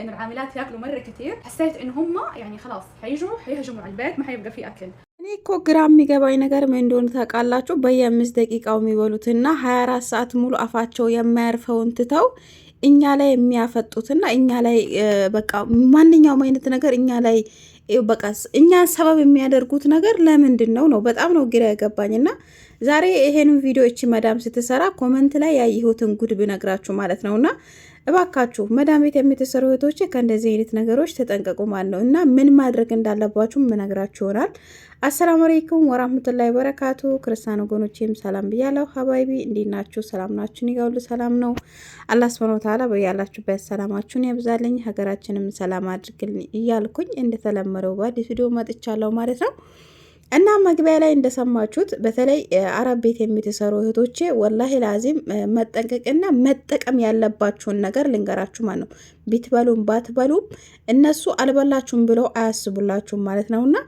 انه العاملات ياكلوا مره كثير حسيت ان هم يعني خلاص حيجوا حيهجموا على البيت ما حيبقى في اكل እኔ እኮ ግራ የሚገባኝ ነገር ምን እንደሆነ ታውቃላችሁ? በየአምስት ደቂቃው የሚበሉትና ሀያ አራት ሰዓት ሙሉ አፋቸው የማያርፈውን ትተው እኛ ላይ የሚያፈጡትና እኛ ላይ በቃ ማንኛውም አይነት ነገር እኛ ላይ በቃ እኛ ሰበብ የሚያደርጉት ነገር ለምንድን ነው ነው? በጣም ነው ግራ ያገባኝና ዛሬ ይሄንን ቪዲዮ እቺ መዳም ስትሰራ ኮመንት ላይ ያየሁትን ጉድ ብነግራችሁ ማለት ነውና እባካችሁ መዳም ቤት የምትሰሩ እህቶች ከእንደዚህ አይነት ነገሮች ተጠንቀቁ ማለት ነው እና ምን ማድረግ እንዳለባችሁ ምነግራችሁ ይሆናል። አሰላሙ አለይኩም ወራህመቱላሂ ወበረካቱ። ክርስቲያን ወገኖቼም ሰላም ብያለሁ። ሀባይቢ እንዴት ናችሁ? ሰላም ናችሁ? እኔ ጋ ሁሉ ሰላም ነው። አላህ ሱብሃነሁ ወተዓላ በያላችሁበት ሰላማችሁን ያብዛልኝ፣ ሀገራችንም ሰላም አድርግልኝ እያልኩኝ እንደተለመደው በአዲስ ቪዲዮ መጥቻለሁ ማለት ነው። እና መግቢያ ላይ እንደሰማችሁት በተለይ አረብ ቤት የምትሰሩ እህቶቼ ወላሂ ላዚም መጠንቀቅና መጠቀም ያለባችሁን ነገር ልንገራችሁ ማለት ነው። ቢትበሉም ባትበሉም እነሱ አልበላችሁም ብለው አያስቡላችሁም ማለት ነው። እና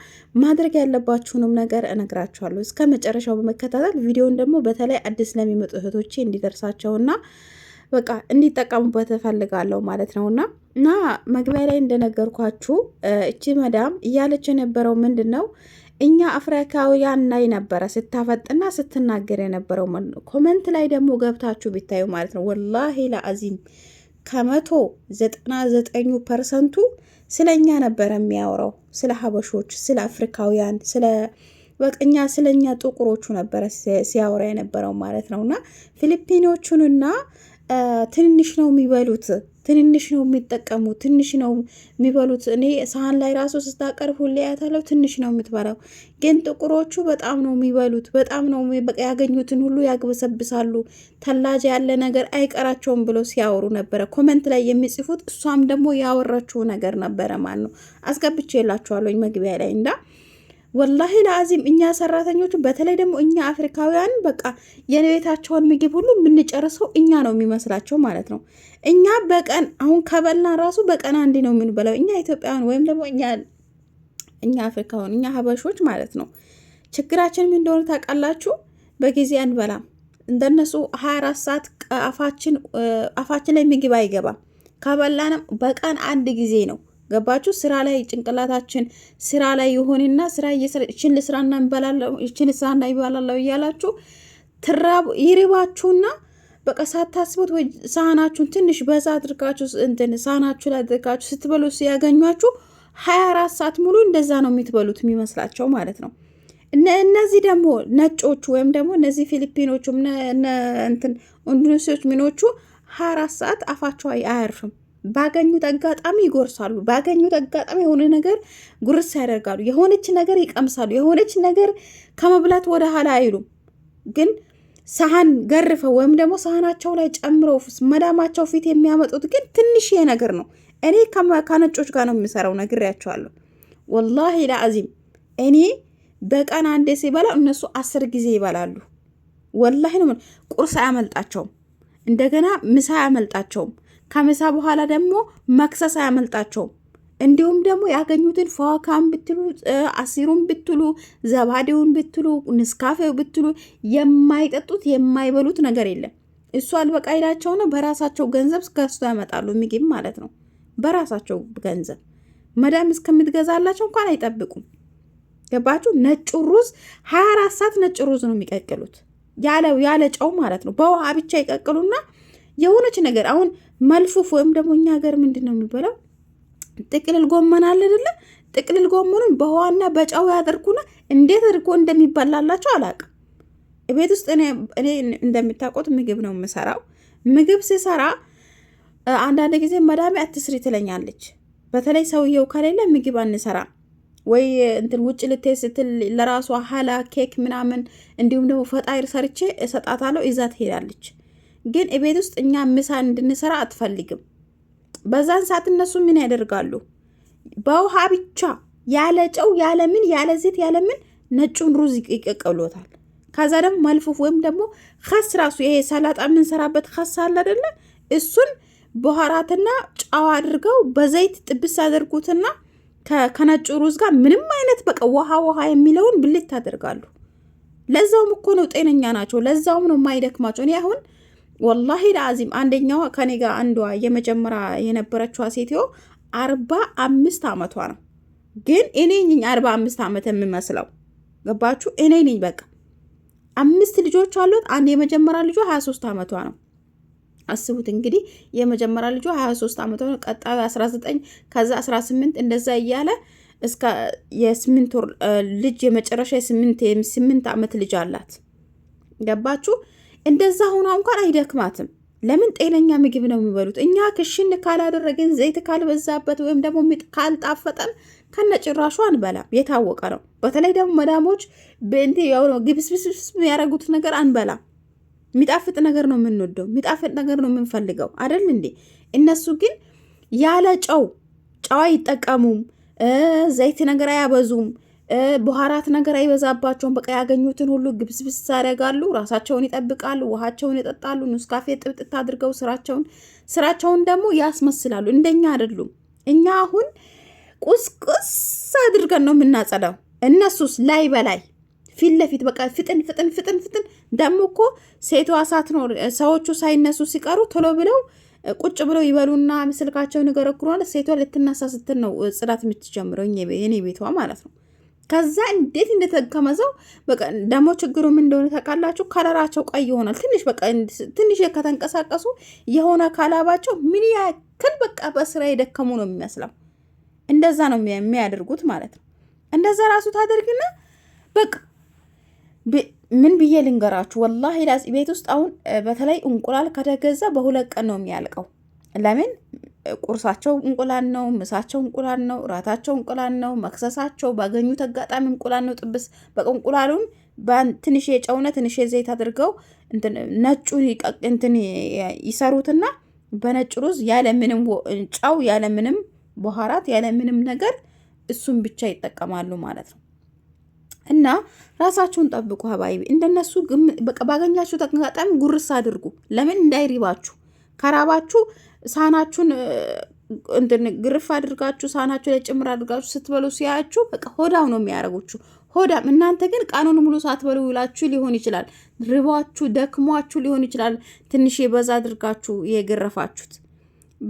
ማድረግ ያለባችሁንም ነገር እነግራችኋለሁ እስከ መጨረሻው በመከታተል ቪዲዮን ደግሞ በተለይ አዲስ ለሚመጡ እህቶቼ እንዲደርሳቸውና በቃ እንዲጠቀሙበት እፈልጋለሁ ማለት እና እና መግቢያ ላይ እንደነገርኳችሁ እቺ መዳም እያለች የነበረው ምንድን ነው እኛ አፍሪካውያን ላይ ነበረ ስታፈጥና ስትናገር የነበረው ኮመንት ላይ ደግሞ ገብታችሁ ቢታዩ ማለት ነው ወላሂ ለአዚም ከመቶ ዘጠና ዘጠኙ ፐርሰንቱ ስለ እኛ ነበረ የሚያወራው ስለ ሀበሾች፣ ስለ አፍሪካውያን፣ ስለ በቅኛ ስለ እኛ ጥቁሮቹ ነበረ ሲያወራ የነበረው ማለት ነው እና ፊሊፒኖቹንና ትንንሽ ነው የሚበሉት ትንንሽ ነው የሚጠቀሙ፣ ትንሽ ነው የሚበሉት። እኔ ሳህን ላይ ራሱ ስታቀርብ ሁሌ ያታለው ትንሽ ነው የምትበላው። ግን ጥቁሮቹ በጣም ነው የሚበሉት፣ በጣም ነው ያገኙትን ሁሉ ያግበሰብሳሉ። ተላጅ ያለ ነገር አይቀራቸውም ብሎ ሲያወሩ ነበረ ኮመንት ላይ የሚጽፉት። እሷም ደግሞ ያወራችው ነገር ነበረ ማለት ነው። አስገብቼ የላችኋለኝ መግቢያ ላይ እንዳ ወላሂ ለአዚም እኛ ሰራተኞቹ በተለይ ደግሞ እኛ አፍሪካውያን በቃ የቤታቸውን ምግብ ሁሉ የምንጨርሰው እኛ ነው የሚመስላቸው ማለት ነው። እኛ በቀን አሁን ከበላ ራሱ በቀን አንዴ ነው የምንበላው እኛ ኢትዮጵያውያን ወይም ደግሞ እኛ አፍሪካውያን እኛ ሀበሾች ማለት ነው። ችግራችን ምን እንደሆነ ታውቃላችሁ? በጊዜ አንበላም። እንደነሱ ሀያ አራት ሰዓት አፋችን ላይ ምግብ አይገባም። ከበላንም በቀን አንድ ጊዜ ነው ገባችሁ? ስራ ላይ ጭንቅላታችን ስራ ላይ ይሆንና ስራ እችን ልስራና ይበላለሁ ይችን ስራና ይበላለሁ እያላችሁ ትራቡ ይርባችሁና በቃ ሳታስቡት ወይ ሳህናችሁን ትንሽ በዛ አድርጋችሁ እንትን ሳህናችሁ ላይ አድርጋችሁ ስትበሉ ሲያገኟችሁ ሀያ አራት ሰዓት ሙሉ እንደዛ ነው የምትበሉት የሚመስላቸው ማለት ነው። እነዚህ ደግሞ ነጮቹ ወይም ደግሞ እነዚህ ፊሊፒኖቹ እንትን ኢንዶኔሲዎች ሚኖቹ ሀያ አራት ሰዓት አፋቸው አያርፍም። ባገኙት አጋጣሚ ይጎርሳሉ። ባገኙት አጋጣሚ የሆነ ነገር ጉርስ ያደርጋሉ። የሆነች ነገር ይቀምሳሉ። የሆነች ነገር ከመብላት ወደ ኋላ አይሉም። ግን ሰሀን ገርፈው ወይም ደግሞ ሰሀናቸው ላይ ጨምረው መዳማቸው ፊት የሚያመጡት ግን ትንሽዬ ነገር ነው። እኔ ከነጮች ጋር ነው የምሰራው፣ ነግሬያቸዋለሁ። ወላሂ ለአዚም እኔ በቀን አንዴ ሲበላ እነሱ አስር ጊዜ ይበላሉ። ወላሂ ነው ቁርስ አያመልጣቸውም። እንደገና ምሳ አያመልጣቸውም። ከምሳ በኋላ ደግሞ መክሰስ አያመልጣቸውም። እንዲሁም ደግሞ ያገኙትን ፈዋካን ብትሉ አሲሩን ብትሉ ዘባዴውን ብትሉ ንስካፌው ብትሉ የማይጠጡት የማይበሉት ነገር የለም። እሱ አልበቃ ይላቸው ነው። በራሳቸው ገንዘብ ገዝቶ ያመጣሉ ምግብ ማለት ነው። በራሳቸው ገንዘብ መዳም እስከምትገዛላቸው እንኳን አይጠብቁም። ገባችሁ? ነጭ ሩዝ ሀያ አራት ሰዓት ነጭ ሩዝ ነው የሚቀቅሉት ያለ ጨው ማለት ነው። በውሃ ብቻ ይቀቅሉና የሆነች ነገር አሁን መልፉፍ ወይም ደግሞ እኛ ሀገር ምንድን ነው የሚበላው? ጥቅልል ጎመን አለ አይደለ? ጥቅልል ጎመኑን በውሃና በጨው ያደርጉና እንዴት አድርጎ እንደሚበላላቸው አላቅ ቤት ውስጥ እኔ እንደምታውቁት ምግብ ነው የምሰራው። ምግብ ስሰራ አንዳንድ ጊዜ መዳሜ አትስሪ ትለኛለች። በተለይ ሰውየው ከሌለ ምግብ አንሰራም ወይ እንትን ውጭ ልቴ ስትል ለራሷ ሀላ ኬክ ምናምን እንዲሁም ደግሞ ፈጣይር ሰርቼ እሰጣታለሁ፣ ይዛ ትሄዳለች። ግን እቤት ውስጥ እኛ ምሳ እንድንሰራ አትፈልግም። በዛን ሰዓት እነሱ ምን ያደርጋሉ? በውሃ ብቻ ያለ ጨው ያለ ምን ያለ ዘይት ያለ ምን ነጩን ሩዝ ይቀቀሎታል። ከዛ ደግሞ መልፉፍ ወይም ደግሞ ከስ ራሱ ይሄ ሰላጣ የምንሰራበት ከስ አለ አይደለ? እሱን በኋራትና ጨው አድርገው በዘይት ጥብስ አድርጉትና ከነጩ ሩዝ ጋር ምንም አይነት በቃ ውሃ ውሃ የሚለውን ብልት ታደርጋሉ። ለዛውም እኮ ነው ጤነኛ ናቸው። ለዛውም ነው የማይደክማቸው። እኔ አሁን ወላሂ ለአዚም አንደኛዋ ከኔ ጋር አንዷ የመጀመሪያ የነበረችዋ ሴትዮ አርባ አምስት አመቷ ነው። ግን እኔ ነኝ አርባ አምስት ዓመት የምመስለው ገባችሁ? እኔ ነኝ በቃ አምስት ልጆች አሉት አንድ የመጀመሪያ ልጇ ሀያ ሶስት ዓመቷ ነው። አስቡት እንግዲህ የመጀመሪያ ልጇ ሀያ ሶስት ዓመቷ ነው። ቀጣዩ አስራ ዘጠኝ ከዛ አስራ ስምንት እንደዛ እያለ እስከ የስምንት ወር ልጅ የመጨረሻ የስምንት የስምንት ዓመት ልጅ አላት። ገባችሁ? እንደዛ ሆኗ እንኳን አይደክማትም። ለምን ጤነኛ ምግብ ነው የሚበሉት። እኛ ክሽን ካላደረግን ዘይት ካልበዛበት ወይም ደግሞ ሚጥ ካልጣፈጠን ከነጭራሹ አንበላም። የታወቀ ነው። በተለይ ደግሞ መዳሞች በእንቴ ግብስብስብስ ያደረጉት ነገር አንበላም። የሚጣፍጥ ነገር ነው የምንወደው፣ የሚጣፍጥ ነገር ነው የምንፈልገው አይደል እንዴ? እነሱ ግን ያለ ጨው ጨው አይጠቀሙም። ዘይት ነገር አያበዙም። ቡሃራት ነገር አይበዛባቸውም። በቃ ያገኙትን ሁሉ ግብስብስ ያደርጋሉ። ራሳቸውን ይጠብቃሉ፣ ውሃቸውን ይጠጣሉ፣ ኑስካፌ ጥብጥት አድርገው ስራቸውን ስራቸውን ደግሞ ያስመስላሉ። እንደኛ አይደሉም። እኛ አሁን ቁስቁስ አድርገን ነው የምናጸዳው። እነሱስ ላይ በላይ ፊት ለፊት በቃ ፍጥን ፍጥን ፍጥን ፍጥን። ደግሞ እኮ ሴቷ እሳት ነው። ሰዎቹ ሳይነሱ ሲቀሩ ቶሎ ብለው ቁጭ ብለው ይበሉና ስልካቸውን ይገረግሯል። ሴቷ ልትነሳ ስትል ነው ጽዳት የምትጀምረው፣ የኔ ቤቷ ማለት ነው። ከዛ እንዴት እንደተገመዘው ደግሞ ችግሩም እንደሆነ ታውቃላችሁ? ከለራቸው ቀይ ይሆናል። ትንሽ በቃ ትንሽ ከተንቀሳቀሱ የሆነ ካላባቸው ምን ያክል በቃ በስራ የደከሙ ነው የሚመስለው። እንደዛ ነው የሚያደርጉት ማለት ነው። እንደዛ ራሱ ታደርግና በቃ ምን ብዬ ልንገራችሁ፣ ወላሂ ቤት ውስጥ አሁን በተለይ እንቁላል ከተገዛ በሁለት ቀን ነው የሚያልቀው። ለምን ቁርሳቸው እንቁላል ነው፣ ምሳቸው እንቁላል ነው፣ እራታቸው እንቁላል ነው፣ መክሰሳቸው ባገኙት አጋጣሚ እንቁላል ነው። ጥብስ በእንቁላሉን ትንሽ የጨውነ ትንሽ የዘይት አድርገው ነጩን እንትን ይሰሩትና በነጭ ሩዝ ያለምንም ጨው ያለምንም በኋራት ያለምንም ነገር እሱን ብቻ ይጠቀማሉ ማለት ነው። እና ራሳችሁን ጠብቁ ሀባይቢ። እንደነሱ ባገኛችሁ አጋጣሚ ጉርስ አድርጉ። ለምን እንዳይሪባችሁ ከራባችሁ ሳህናችሁን እንትን ግርፍ አድርጋችሁ ሳህናችሁ ላይ ጭምር አድርጋችሁ ስትበሉ ሲያያችሁ በቃ ሆዳው ነው የሚያደርጉችሁ። ሆዳም እናንተ ግን ቀኑን ሙሉ ሳትበሉ ውላችሁ ሊሆን ይችላል። ርቧችሁ ደክሟችሁ ሊሆን ይችላል። ትንሽ የበዛ አድርጋችሁ የገረፋችሁት።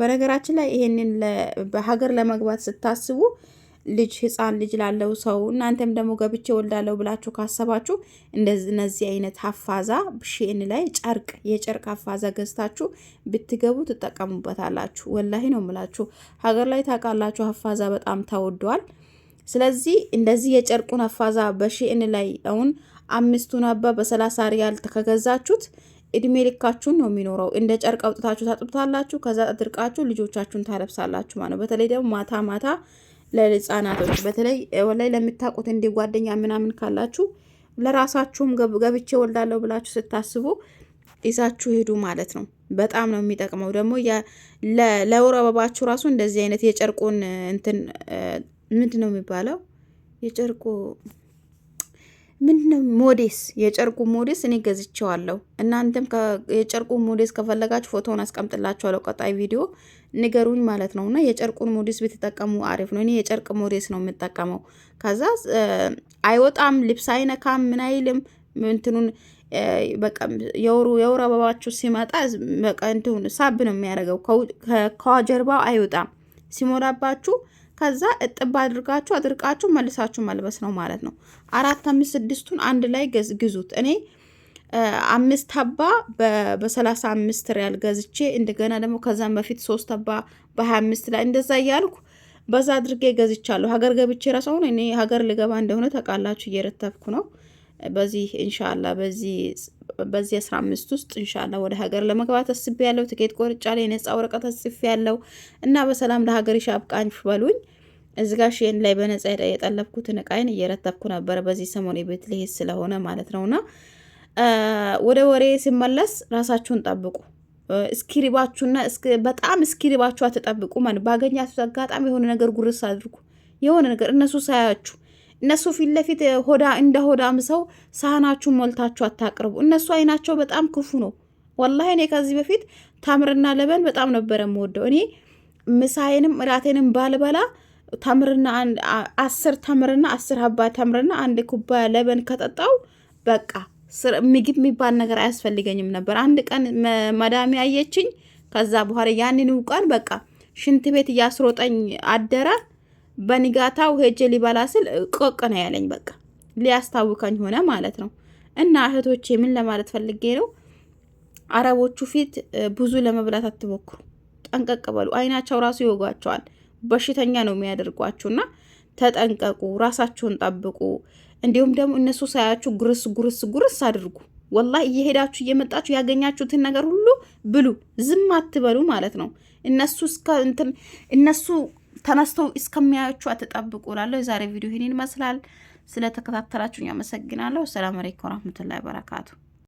በነገራችን ላይ ይሄንን በሀገር ለመግባት ስታስቡ ልጅ ህፃን ልጅ ላለው ሰው እናንተም ደግሞ ገብቼ ወልዳለሁ ብላችሁ ካሰባችሁ እንደነዚህ አይነት አፋዛ ብሼን ላይ ጨርቅ የጨርቅ አፋዛ ገዝታችሁ ብትገቡ ትጠቀሙበታላችሁ። ወላሂ ነው ምላችሁ። ሀገር ላይ ታውቃላችሁ፣ አፋዛ በጣም ተወዷል። ስለዚህ እንደዚህ የጨርቁን አፋዛ በሺእን ላይ አሁን አምስቱን አባ በሰላሳ ሪያል ከገዛችሁት እድሜ ልካችሁን ነው የሚኖረው። እንደ ጨርቅ አውጥታችሁ ታጥብታላችሁ። ከዛ አድርቃችሁ ልጆቻችሁን ታለብሳላችሁ ማለት ነው። በተለይ ደግሞ ማታ ማታ ለህፃናቶች በተለይ ወላይ ለምታውቁት እንዲ ጓደኛ ምናምን ካላችሁ ለራሳችሁም ገብቼ ወልዳለሁ ብላችሁ ስታስቡ ይዛችሁ ሄዱ ማለት ነው። በጣም ነው የሚጠቅመው። ደግሞ ለወር አበባችሁ ራሱ እንደዚህ አይነት የጨርቁን እንትን ምንድን ነው የሚባለው? የጨርቁ ምንድነው ሞዴስ፣ የጨርቁ ሞዴስ እኔ ገዝቼዋለሁ። እናንተም የጨርቁ ሞዴስ ከፈለጋችሁ ፎቶውን አስቀምጥላችኋለሁ ቀጣይ ቪዲዮ ንገሩኝ ማለት ነው። እና የጨርቁን ሞዴስ ብትጠቀሙ አሪፍ ነው። እኔ የጨርቅ ሞዴስ ነው የምጠቀመው። ከዛ አይወጣም፣ ልብስ አይነካም፣ ምን አይልም እንትኑን በቃ የወሩ የወር አበባችሁ ሲመጣ በቃ እንትኑን ሳብ ነው የሚያደርገው። ከጀርባው አይወጣም ሲሞላባችሁ ከዛ እጥብ አድርጋችሁ አድርቃችሁ መልሳችሁ መልበስ ነው ማለት ነው። አራት አምስት ስድስቱን አንድ ላይ ግዙት። እኔ አምስት አባ በሰላሳ አምስት ሪያል ገዝቼ እንደገና ደግሞ ከዛም በፊት ሶስት አባ በሀያ አምስት ላይ እንደዛ እያልኩ በዛ አድርጌ ገዝቻለሁ። ሀገር ገብቼ ራሱ አሁን እኔ ሀገር ልገባ እንደሆነ ተቃላችሁ እየረተብኩ ነው። በዚህ እንሻላ በዚህ በዚህ አስራ አምስት ውስጥ እንሻላ ወደ ሀገር ለመግባት አስቤ ያለው ትኬት ቆርጫ ላይ ነጻ ወረቀት አስፌ ያለው እና በሰላም ለሀገር አብቃኝ በሉኝ። እዚ ጋ ሽን ላይ በነጻ የጠለብኩትን እቃይን እየረተብኩ ነበረ። በዚህ ሰሞን ቤት ልሄድ ስለሆነ ማለት ነውና ወደ ወሬ ሲመለስ ራሳችሁን ጠብቁ። እስኪሪባችሁና በጣም እስኪሪባችሁ አትጠብቁ። ማለት ባገኛችሁት አጋጣሚ የሆነ ነገር ጉርስ አድርጉ። የሆነ ነገር እነሱ ሳያችሁ እነሱ ፊት ለፊት ሆዳ እንደ ሆዳም ሰው ሳህናችሁን ሞልታችሁ አታቅርቡ። እነሱ አይናቸው በጣም ክፉ ነው። ወላሂ እኔ ከዚህ በፊት ታምርና ለበን በጣም ነበረ የምወደው። እኔ ምሳዬንም እራቴንም ባልበላ ታምርና አስር ታምርና አስር ሀባ ታምርና አንድ ኩባያ ለበን ከጠጣው በቃ ምግብ የሚባል ነገር አያስፈልገኝም ነበር። አንድ ቀን መዳሚ አየችኝ። ከዛ በኋላ ያንን ቀን በቃ ሽንት ቤት እያስሮጠኝ አደረ። በንጋታው ሄጄ ሊበላ ስል ቆቅ ነው ያለኝ። በቃ ሊያስታውከኝ ሆነ ማለት ነው። እና እህቶቼ ምን ለማለት ፈልጌ ነው፣ አረቦቹ ፊት ብዙ ለመብላት አትሞክሩ። ጠንቀቅ በሉ። አይናቸው ራሱ ይወጓቸዋል። በሽተኛ ነው የሚያደርጓችሁና ተጠንቀቁ፣ ራሳችሁን ጠብቁ። እንዲሁም ደግሞ እነሱ ሳያችሁ ጉርስ ጉርስ ጉርስ አድርጉ። ወላ እየሄዳችሁ እየመጣችሁ ያገኛችሁትን ነገር ሁሉ ብሉ፣ ዝም አትበሉ ማለት ነው። እነሱ እስከ እንትን እነሱ ተነስተው እስከሚያዩችሁ አትጠብቁ። ላለሁ የዛሬ ቪዲዮ ይህን ይመስላል። ስለተከታተላችሁኝ አመሰግናለሁ። ሰላም አለይኩም ወረህመቱላሂ ወበረካቱ።